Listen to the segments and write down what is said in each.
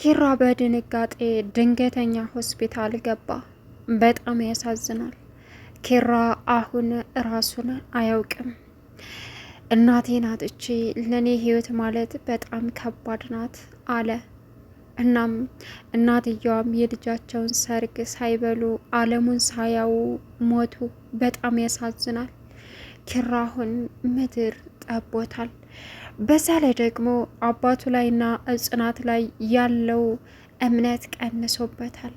ኪራ በድንጋጤ ድንገተኛ ሆስፒታል ገባ። በጣም ያሳዝናል። ኪራ አሁን ራሱን አያውቅም። እናቴን አጥቼ ለእኔ ህይወት ማለት በጣም ከባድ ናት አለ። እናም እናትየዋም የልጃቸውን ሰርግ ሳይበሉ አለሙን ሳያው ሞቱ። በጣም ያሳዝናል። ኪራ አሁን ምድር ጠቦታል። በዛ ላይ ደግሞ አባቱ ላይና ጽናት ላይ ያለው እምነት ቀንሶበታል።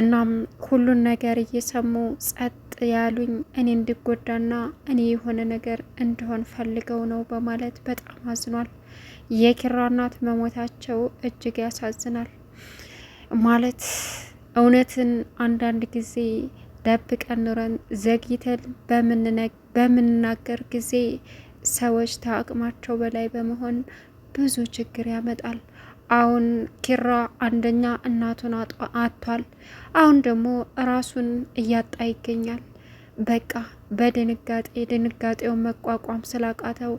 እናም ሁሉን ነገር እየሰሙ ጸጥ ያሉኝ እኔ እንድጎዳና እኔ የሆነ ነገር እንድሆን ፈልገው ነው በማለት በጣም አዝኗል። የኪራ እናት መሞታቸው እጅግ ያሳዝናል። ማለት እውነትን አንዳንድ ጊዜ ደብቀን ኑረን ዘግይተን በምንናገር ጊዜ ሰዎች ከአቅማቸው በላይ በመሆን ብዙ ችግር ያመጣል። አሁን ኪራ አንደኛ እናቱን አጥቷል። አሁን ደግሞ ራሱን እያጣ ይገኛል። በቃ በድንጋጤ ድንጋጤውን መቋቋም ስላቃተው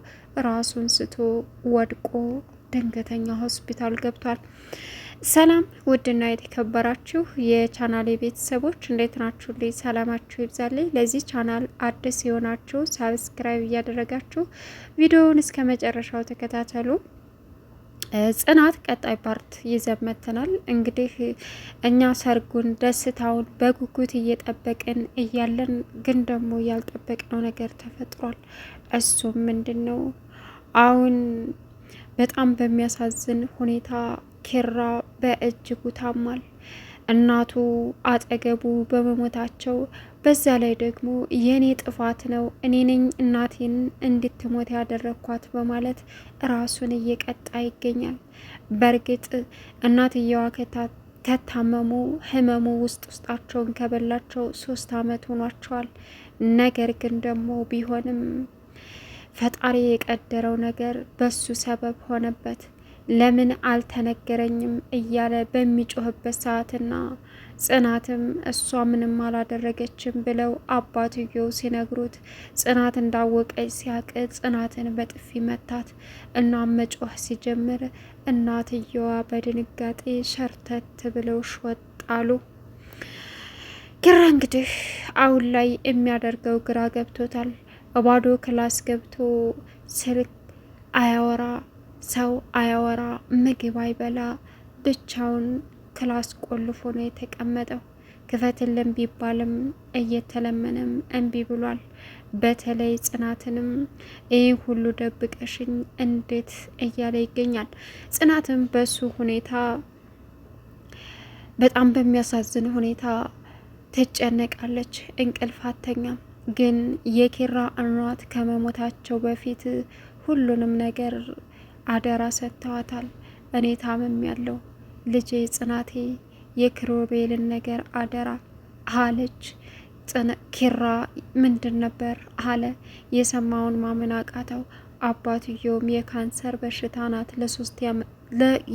ራሱን ስቶ ወድቆ ድንገተኛ ሆስፒታል ገብቷል። ሰላም ውድና የተከበራችሁ የቻናል ቤተሰቦች እንዴት ናችሁ? ልይ ሰላማችሁ ይብዛልኝ። ለዚህ ቻናል አዲስ የሆናችሁ ሳብስክራይብ እያደረጋችሁ ቪዲዮውን እስከ መጨረሻው ተከታተሉ። ጽናት ቀጣይ ፓርት ይዘመተናል። እንግዲህ እኛ ሰርጉን ደስታውን በጉጉት እየጠበቅን እያለን ግን ደግሞ ያልጠበቅነው ነገር ተፈጥሯል። እሱም ምንድን ነው? አሁን በጣም በሚያሳዝን ሁኔታ ኪራ በእጅጉ ታሟል። እናቱ አጠገቡ በመሞታቸው በዛ ላይ ደግሞ የኔ ጥፋት ነው እኔ ነኝ እናቴን እንድትሞት ያደረግኳት በማለት ራሱን እየቀጣ ይገኛል። በእርግጥ እናትየዋ ከታመሙ ህመሙ ውስጥ ውስጣቸውን ከበላቸው ሶስት አመት ሆኗቸዋል። ነገር ግን ደግሞ ቢሆንም ፈጣሪ የቀደረው ነገር በሱ ሰበብ ሆነበት። ለምን አልተነገረኝም እያለ በሚጮህበት ሰዓትና ጽናትም እሷ ምንም አላደረገችም ብለው አባትየው ሲነግሩት ጽናት እንዳወቀች ሲያቅ ጽናትን በጥፊ መታት እና መጮህ ሲጀምር እናትየዋ በድንጋጤ ሸርተት ብለው ሽወጥ አሉ። ግራ እንግዲህ አሁን ላይ የሚያደርገው ግራ ገብቶታል። ባዶ ክላስ ገብቶ ስልክ አያወራ ሰው አያወራ፣ ምግብ አይበላ፣ ብቻውን ክላስ ቆልፎ ነው የተቀመጠው። ክፈትልን ቢባልም እየተለመነም እምቢ ብሏል። በተለይ ጽናትንም ይህ ሁሉ ደብቀሽኝ እንዴት እያለ ይገኛል። ጽናትም በሱ ሁኔታ በጣም በሚያሳዝን ሁኔታ ትጨነቃለች። እንቅልፍ አተኛም። ግን የኪራ አኗት ከመሞታቸው በፊት ሁሉንም ነገር አደራ ሰጥተዋታል። እኔ ታመም ያለው ልጄ ጽናቴ የክሮቤልን ነገር አደራ አለች። ኪራ ምንድን ነበር አለ። የሰማውን ማመን አቃተው። አባትየውም የካንሰር በሽታ ናት፣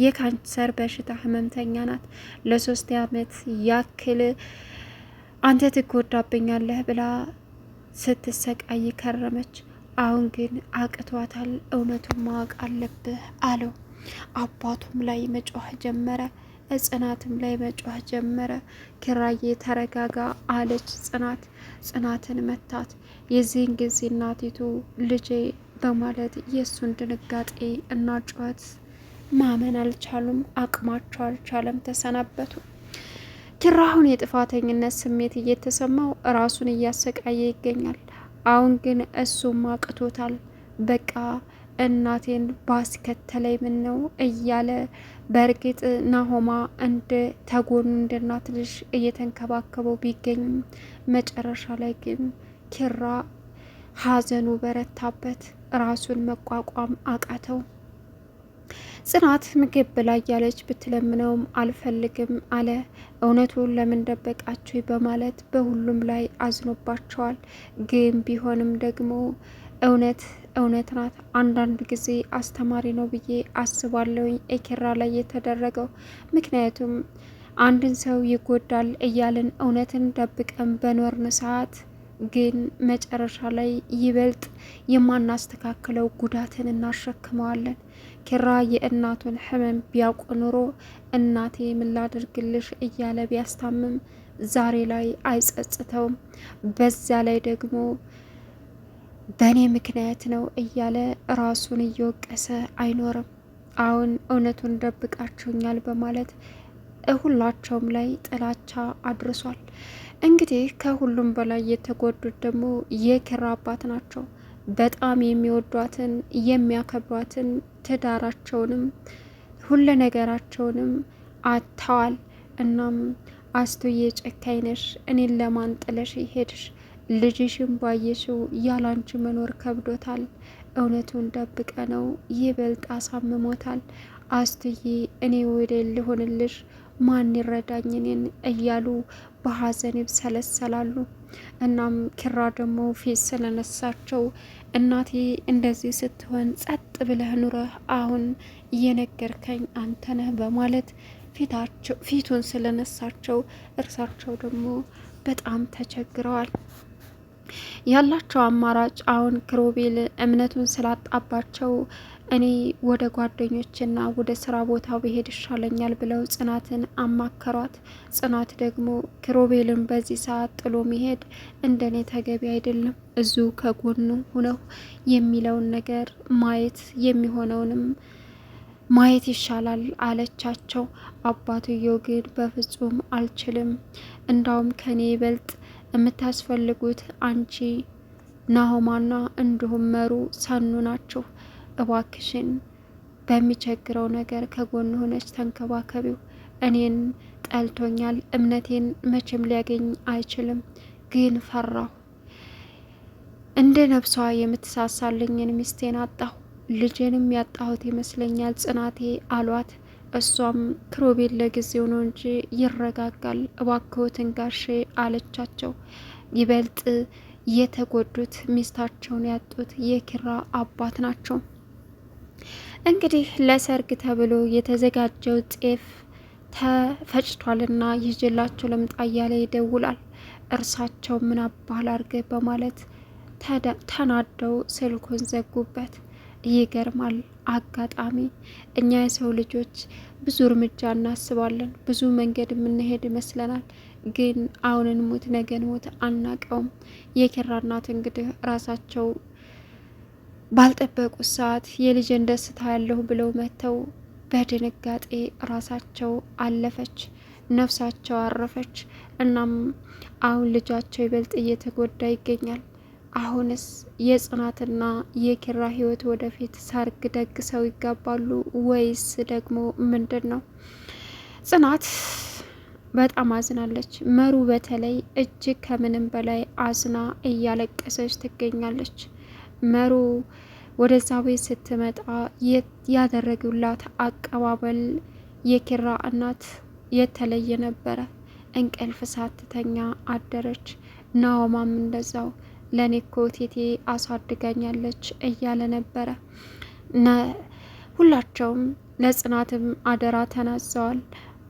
የካንሰር በሽታ ህመምተኛ ናት። ለሶስት አመት ያክል አንተ ትጎዳብኛለህ ብላ ስትሰቃይ ከረመች። አሁን ግን አቅቷታል፣ እውነቱን ማወቅ አለብህ አለው። አባቱም ላይ መጮህ ጀመረ፣ ጽናትም ላይ መጮህ ጀመረ። ኪራዬ ተረጋጋ አለች ጽናት ጽናትን መታት። የዚህን ጊዜ እናቲቱ ልጄ በማለት የእሱን ድንጋጤ እና ጩኸት ማመን አልቻሉም፣ አቅማቸው አልቻለም፣ ተሰናበቱ። ኪራ አሁን የጥፋተኝነት ስሜት እየተሰማው ራሱን እያሰቃየ ይገኛል። አሁን ግን እሱም አቅቶታል። በቃ እናቴን ባስከተለኝ ምን ነው እያለ በእርግጥ ናሆማ እንደ ተጎኑ እንደ እናት ልጅ እየተንከባከበው ቢገኝም መጨረሻ ላይ ግን ኪራ ሀዘኑ በረታበት፣ ራሱን መቋቋም አቃተው። ጽናት ምግብ ብላ እያለች ብትለምነውም አልፈልግም አለ። እውነቱን ለምን ደበቃችሁ በማለት በሁሉም ላይ አዝኖባቸዋል። ግን ቢሆንም ደግሞ እውነት እውነት ናት። አንዳንድ ጊዜ አስተማሪ ነው ብዬ አስባለሁኝ ኤኬራ ላይ የተደረገው ምክንያቱም አንድን ሰው ይጎዳል እያልን እውነትን ደብቀን በኖርን ሰዓት ግን መጨረሻ ላይ ይበልጥ የማናስተካክለው ጉዳትን እናሸክመዋለን። ኪራ የእናቱን ሕመም ቢያውቅ ኑሮ እናቴ ምን ላድርግልሽ እያለ ቢያስታምም ዛሬ ላይ አይጸጽተውም። በዛ ላይ ደግሞ በእኔ ምክንያት ነው እያለ ራሱን እየወቀሰ አይኖርም። አሁን እውነቱን ደብቃችሁኛል በማለት ሁላቸውም ላይ ጥላቻ አድርሷል። እንግዲህ ከሁሉም በላይ የተጎዱት ደግሞ የኪራ አባት ናቸው። በጣም የሚወዷትን የሚያከብሯትን ትዳራቸውንም ሁለ ነገራቸውንም አጥተዋል። እናም አስቱዬ ጨካኝ ነሽ፣ እኔን ለማን ጥለሽ ሄድሽ? ልጅሽም ባየሽው ያላንቺ መኖር ከብዶታል። እውነቱን ደብቀ ነው ይበልጥ አሳምሞታል። አስቱዬ እኔ ወደ ልሆንልሽ ማን ይረዳኝ እኔን እያሉ በሀዘን ይብሰለሰላሉ። እናም ኪራ ደግሞ ፊት ስለነሳቸው እናቴ እንደዚህ ስትሆን ጸጥ ብለህ ኑረህ አሁን እየነገርከኝ አንተ ነህ በማለት ፊታቸው ፊቱን ስለነሳቸው እርሳቸው ደግሞ በጣም ተቸግረዋል። ያላቸው አማራጭ አሁን ክሮቤል እምነቱን ስላጣባቸው እኔ ወደ ጓደኞችና ወደ ስራ ቦታ ብሄድ ይሻለኛል ብለው ጽናትን አማከሯት። ጽናት ደግሞ ክሮቤልን በዚህ ሰዓት ጥሎ መሄድ እንደኔ ተገቢ አይደለም፣ እዙ ከጎኑ ሁነው የሚለውን ነገር ማየት የሚሆነውንም ማየት ይሻላል አለቻቸው። አባትየው ግን በፍጹም አልችልም፣ እንዳውም ከኔ ይበልጥ የምታስፈልጉት አንቺ ናሆማና እንዲሁም መሩ ሰኑ ናቸው እባክሽን በሚቸግረው ነገር ከጎን ሆነች ተንከባከቢው። እኔን ጠልቶኛል፣ እምነቴን መቼም ሊያገኝ አይችልም፣ ግን ፈራሁ። እንደ ነፍሷ የምትሳሳልኝን ሚስቴን አጣሁ፣ ልጄንም ያጣሁት ይመስለኛል ጽናቴ አሏት። እሷም ክሮቤል ለጊዜው ነው እንጂ ይረጋጋል፣ እባክዎትን ጋሼ አለቻቸው። ይበልጥ የተጎዱት ሚስታቸውን ያጡት የኪራ አባት ናቸው። እንግዲህ ለሰርግ ተብሎ የተዘጋጀው ጤፍ ተፈጭቷልና ይዤላቸው ልምጣ እያለ ይደውላል። እርሳቸው ምን አባህል አርገ በማለት ተናደው ስልኩን ዘጉበት። ይገርማል። አጋጣሚ እኛ የሰው ልጆች ብዙ እርምጃ እናስባለን፣ ብዙ መንገድ የምንሄድ ይመስለናል። ግን አሁንን ሞት ነገን ሞት አናቀውም። የኪራ እናት እንግዲህ ራሳቸው ባልጠበቁት ሰዓት የልጅን ደስታ ያለሁ ብለው መጥተው በድንጋጤ ራሳቸው አለፈች፣ ነፍሳቸው አረፈች። እናም አሁን ልጃቸው ይበልጥ እየተጎዳ ይገኛል። አሁንስ የጽናትና የኪራ ህይወት ወደፊት ሰርግ ደግሰው ይጋባሉ ወይስ ደግሞ ምንድን ነው? ጽናት በጣም አዝናለች። መሩ በተለይ እጅግ ከምንም በላይ አዝና እያለቀሰች ትገኛለች። መሩ ወደዛ ቤት ስትመጣ ያደረጉላት አቀባበል የኪራ እናት የተለየ ነበረ። እንቅልፍ ሳትተኛ አደረች። ናወማም እንደዛው ለእኔ እኮ ቴቴ እያለ ነበረ። ሁላቸውም ለጽናትም አደራ ተናዘዋል።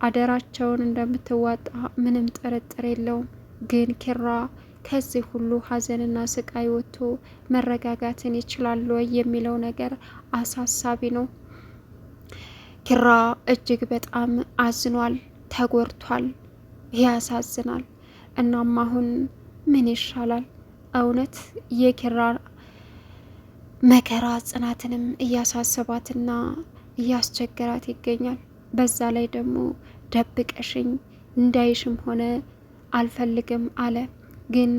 አደራቸውን እንደምትዋጣ ምንም ጥርጥር የለውም። ግን ኪራ ከዚህ ሁሉ ሀዘንና ስቃይ ወጥቶ መረጋጋትን ይችላሉ የሚለው ነገር አሳሳቢ ነው። ኪራ እጅግ በጣም አዝኗል፣ ተጎድቷል፣ ያሳዝናል። እናም አሁን ምን ይሻላል? እውነት የኪራ መከራ ጽናትንም እያሳሰባትና እያስቸገራት ይገኛል። በዛ ላይ ደግሞ ደብቀሽኝ እንዳይሽም ሆነ አልፈልግም አለ ግን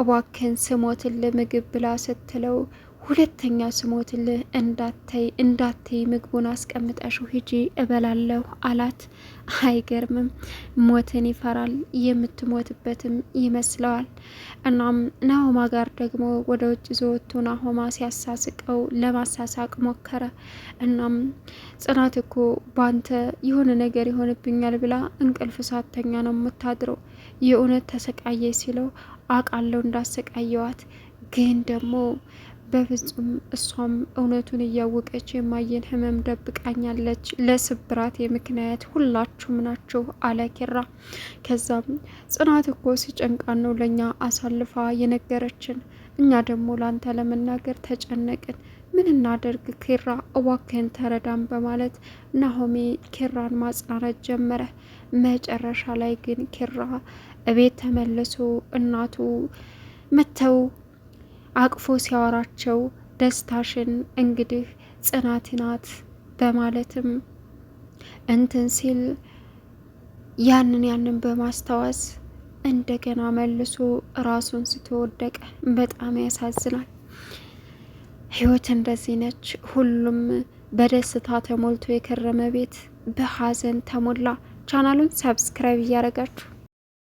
እባክህን ስሞትልህ ምግብ ብላ ስትለው ሁለተኛ ስሞትልህ እንዳተይ እንዳተይ ምግቡን አስቀምጠሽው ሂጂ እበላለሁ አላት። አይገርምም? ሞትን ይፈራል የምትሞትበትም ይመስለዋል። እናም ናሆማ ጋር ደግሞ ወደ ውጭ ዘወቱ ናሆማ ሲያሳስቀው ለማሳሳቅ ሞከረ። እናም ጽናት እኮ ባንተ የሆነ ነገር ይሆንብኛል ብላ እንቅልፍ ሳተኛ ነው የምታድረው የእውነት ተሰቃየ ሲለው አቃለው እንዳሰቃየዋት ግን ደግሞ በፍጹም እሷም እውነቱን እያወቀች የማየን ህመም ደብቃኛለች። ለስብራት የምክንያት ሁላችሁም ናችሁ አለኪራ። ከዛም ጽናት እኮ ሲጨንቃን ነው ለእኛ አሳልፋ የነገረችን እኛ ደግሞ ላንተ ለመናገር ተጨነቅን። ምን እናደርግ ኬራ፣ እባክህን ተረዳን በማለት ናሆሜ ኬራን ማጽናናት ጀመረ። መጨረሻ ላይ ግን ኬራ እቤት ተመልሶ እናቱ መተው አቅፎ ሲያወራቸው ደስታሽን እንግዲህ ጽናት ናት በማለትም እንትን ሲል ያንን ያንን በማስታወስ እንደገና መልሶ ራሱን ስትወደቀ በጣም ያሳዝናል። ህይወት እንደዚህ ነች። ሁሉም በደስታ ተሞልቶ የከረመ ቤት በሀዘን ተሞላ። ቻናሉን ሰብስክራይብ እያደረጋችሁ